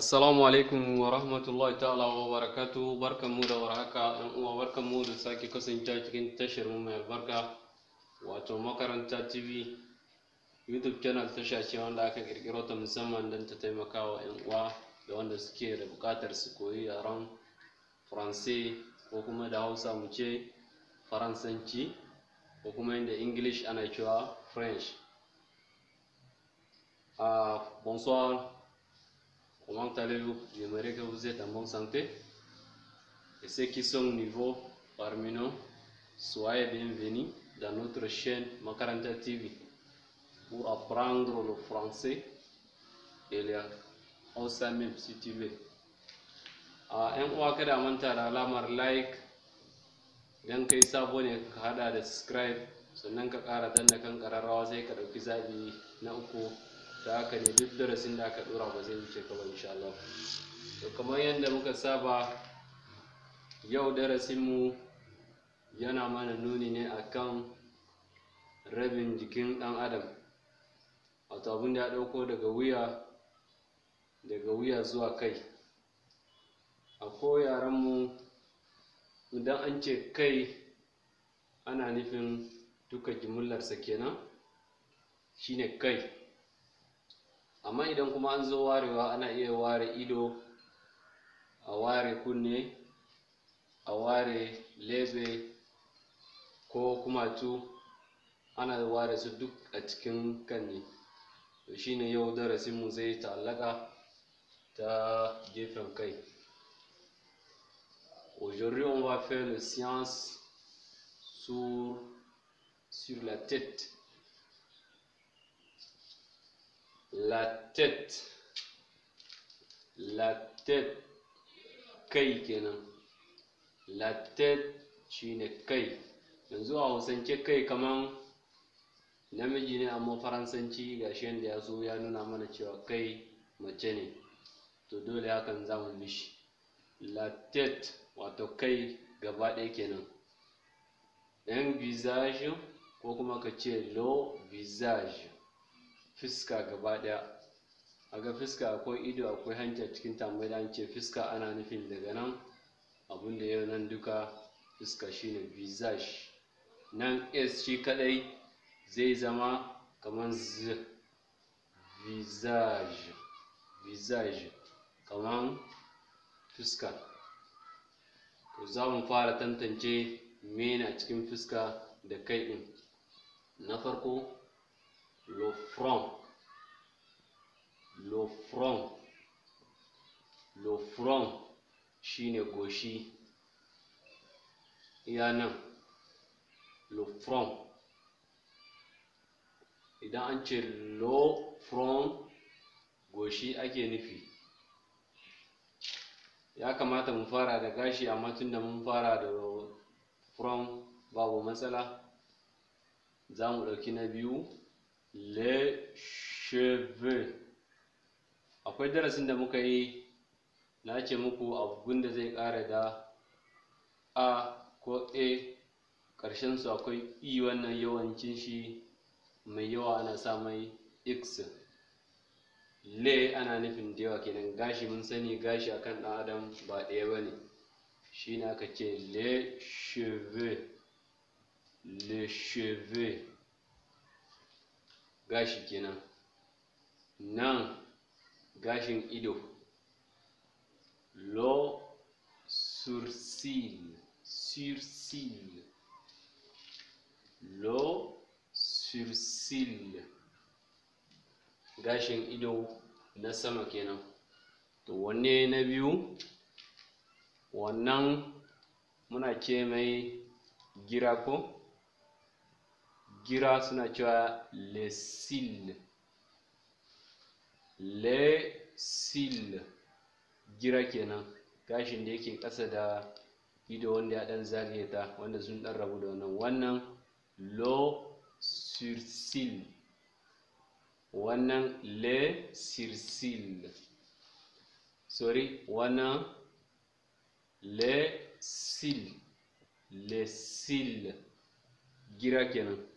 assalamu alaikum wa rahmatullahi ta'ala wa barakatu mu da warhaka ɗan uwa mu da sake kasancewa cikin tashar mu mai albarka wato makaranta tv youtube channel tasha ce wanda aka kirkiro ta musamman don ta taimaka wa yan uwa da wanda suke da bukatar su koyi yaren faranse ko kuma da hausa mu ce faransanci ko kuma inda english ana cewa french uh, bonsoir Comment allez-vous J'aimerais que vous êtes en bonne santé. Et ceux qui sont nouveaux parmi nous, soyez bienvenus dans notre chaîne Macaranta TV pour apprendre le français et le Hausa même si tu veux. A ah, ‘yan uwa kada manta da alamar like don kai sabo ne ka hada da subscribe sannan ka ƙara danna kan ƙararrawa sai ka ɗauki zaɓi na uku da haka ne duk darasin da aka dora ba zai wuce kawai, ba insha Allah to kamar yadda muka saba yau mu yana mana nuni ne akan rabin jikin ɗan adam wato abin da ya ɗauko daga wuya daga wuya zuwa kai a ko mu idan an ce kai ana nufin duka sa kenan shine kai amma idan kuma an zo warewa ana iya ware ido a ware kunne a ware lebe ko kumatu ana ware su duk a cikin kanne to shine yau darasinmu zai ta'allaka ta gefen kai Aujourd'hui, on va faire les science sur, sur la tête. la tête kai kenan la tête ne kai yanzu a hausance kai kaman namiji ne amma faransanci shi yadda ya zo ya nuna mana cewa kai mace ne to dole hakan za mu mishi la tête wato kai gaba ɗaya kenan Ɗan visage ko kuma ka ce lo visage fiska gaba ɗaya. a ga fiska akwai ido akwai hanta cikin tambayi da an ce fiska ana nufin daga nan abun da yau nan duka fiska shine visage nan s shi kadai zai zama kamar z visage visage kamar fuska to za mu fara tantance mena cikin fiska da kai ɗin, na farko le front, le front, le front shine goshi iya nan le front idan an ce lo front goshi ake nufi ya kamata mu fara da gashi amma tunda mun fara da from babu matsala za mu ɗauki na biyu le akwai darasin da muka yi na ce muku abun da zai ƙara da a ko e ƙarshen su akwai i wannan yawancin shi mai yawa ana sa mai x le ana nufin da yawa kenan gashi mun sani gashi akan ɗan adam ba ɗaya ba ne shi ne aka ce le cheveux le gashi kenan nan gashin ido lo sursil lo sursil gashin ido na sama kenan to wanne na biyu wannan muna ce mai gira ko gira suna cewa lesil lesil gira kenan gashin da yake ƙasa da ido wanda ya ɗan zagaye ta wanda sun ɗan rabu da wannan wannan lo sursil wannan le sursil sorry wannan le sil le sil gira kenan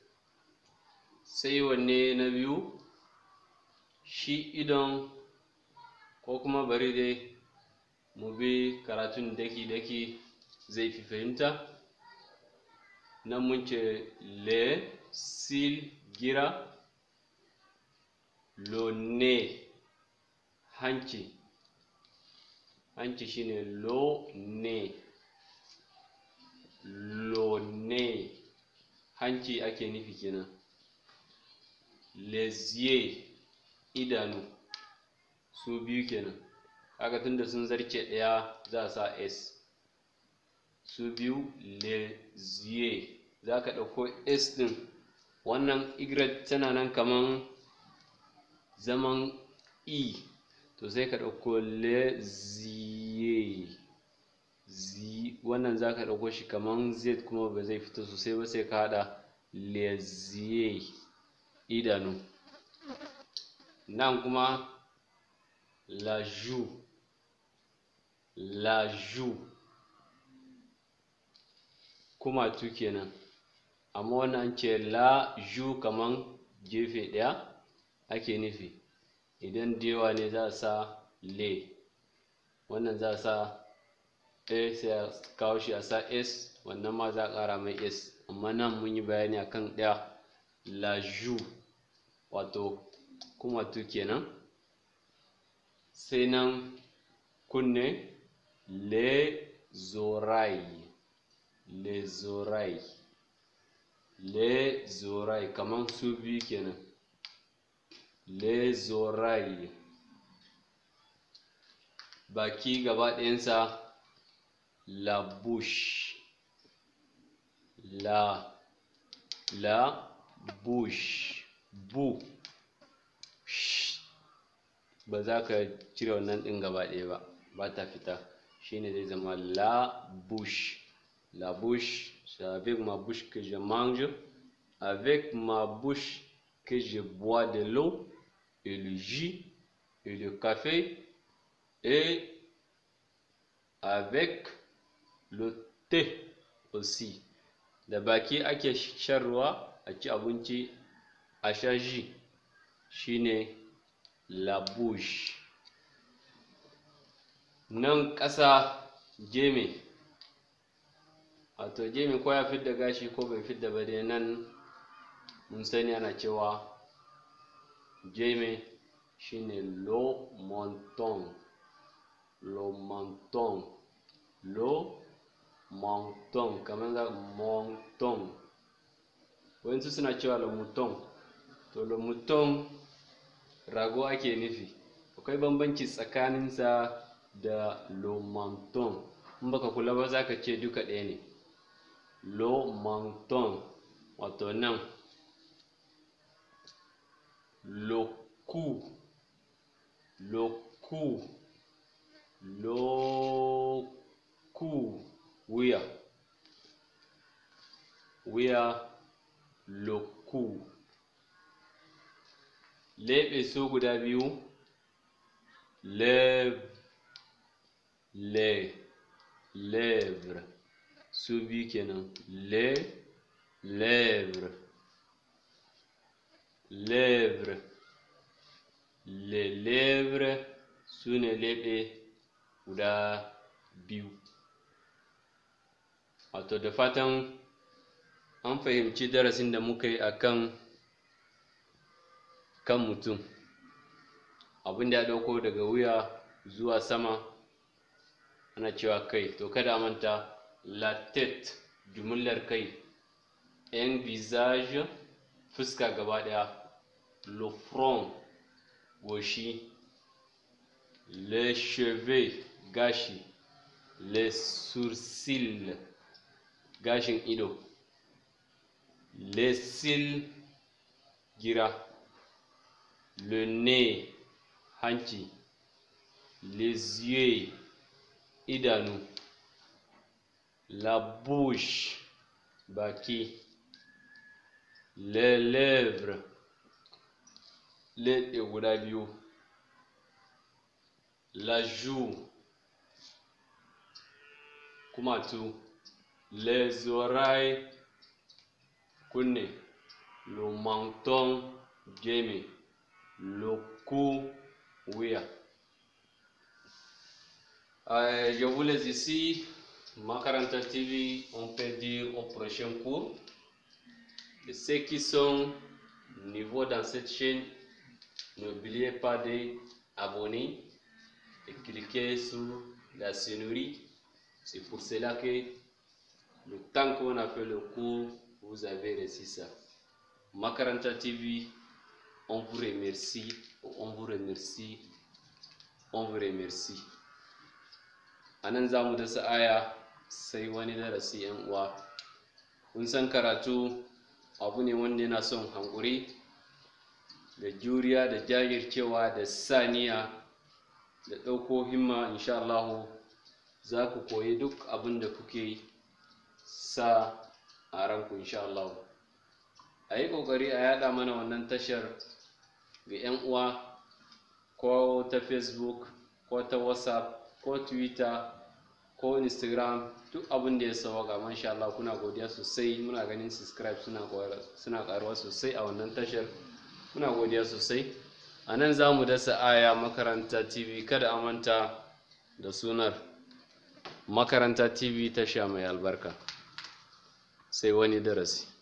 sai wanne na biyu shi idon ko kuma bari dai mu bi karatun daki-daki zai fi fahimta nan mun ce le sil gira lone hanci hanci shine lo ne lo hanci ake nufi kenan les idanu su biyu kenan haka tunda sun zarce ɗaya za a sa s su biyu les za ka ɗauko s ɗin wannan igret tana nan kaman zaman e to sai ka ɗauko les wannan za ka ɗauko shi kaman z kuma ba zai fito sosai ba sai ka haɗa les idanu nan kuma la ju la ju kuma tu kenan amma wannan ce la ju kaman gefe ɗaya ake nufi idan dewa ne za a sa le wannan za a sa a sai a kawo shi a sa s wannan ma za a ƙara mai s amma nan mun yi bayani akan ɗaya la ju wato kumatu kenan sai nan kunne le zorai le zorai le zorai kaman su biyu kenan le zorai baki gaba ɗayansa la bush la la bush bu ba za ka cire wannan ɗin gaba ɗaya ba ba ta fita shine zai zama la bouche la bouche c'est avec ma bouche que je mange avec ma bouche que je bois de l'eau et le jus et le café et avec le thé aussi da baki ake shan a abinci a shashi shine labush nan ƙasa a wato geme ko ya fidda gashi ko bai fidda ba dai nan mun sani ana cewa geme shine lo monton lo monton lo monton kamar za monton suna cewa lo tolomuton rago ake nufi akwai bambanci tsakaninsa da lomanton in baka kula ba za ka ce duka ɗaya ne lomanton wato nan loku loku loku wuya wuya loku leɓe su guda biyu lève le lèvre su biyu kenan le lèvre lèvre le lèvre su ne leɓe guda biyu wato da fatan an fahimci darasin da muka yi akan kan mutum abin da ya ɗauko daga wuya zuwa sama ana cewa kai to kada manta latet jumlar kai yan visage fuska gaba ɗaya le front goshi le chevet gashi le sourcil gashin ido le sil gira le nez hanci les yeux idanu la bouche baki les lèvres leɗe guda biyu la joue kumatu les oreilles kunne le menton gemi le cours Euh, je vous laisse ici. Ma 40 TV, on peut dire au prochain cours. Et ceux qui sont nouveaux dans cette chaîne, n'oubliez pas de abonner et cliquer sur la sonnerie. C'est pour cela que le temps qu'on a fait le cours, vous avez réussi ça. ma 40 TV On vous remercie, on vous remercie, on vous remercie. A nan za mu dasa aya sai wani darasi ‘yan uwa. Kun san karatu abu ne wanda yana son hankuri da juriya da jajircewa da saniya da ɗauko himma insha Allahu za ku koyi duk abin da kuke sa a ranku insha Allahu. a yi ƙoƙari a yada mana wannan tashar ga 'yan uwa ko ta facebook ko ta whatsapp ko twitter ko instagram duk abin da ya ga masha Allah kuna godiya sosai muna ganin subscribe suna karuwa sosai a wannan tashar muna godiya sosai a nan za mu dasa aya makaranta tv kada a manta da sunar makaranta tv tasha mai albarka sai wani darasi